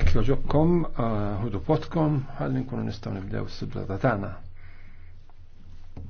Ekk joġobkom, ħudu eh, potkom, għallin kunu nistaw nibdew s ta' tana.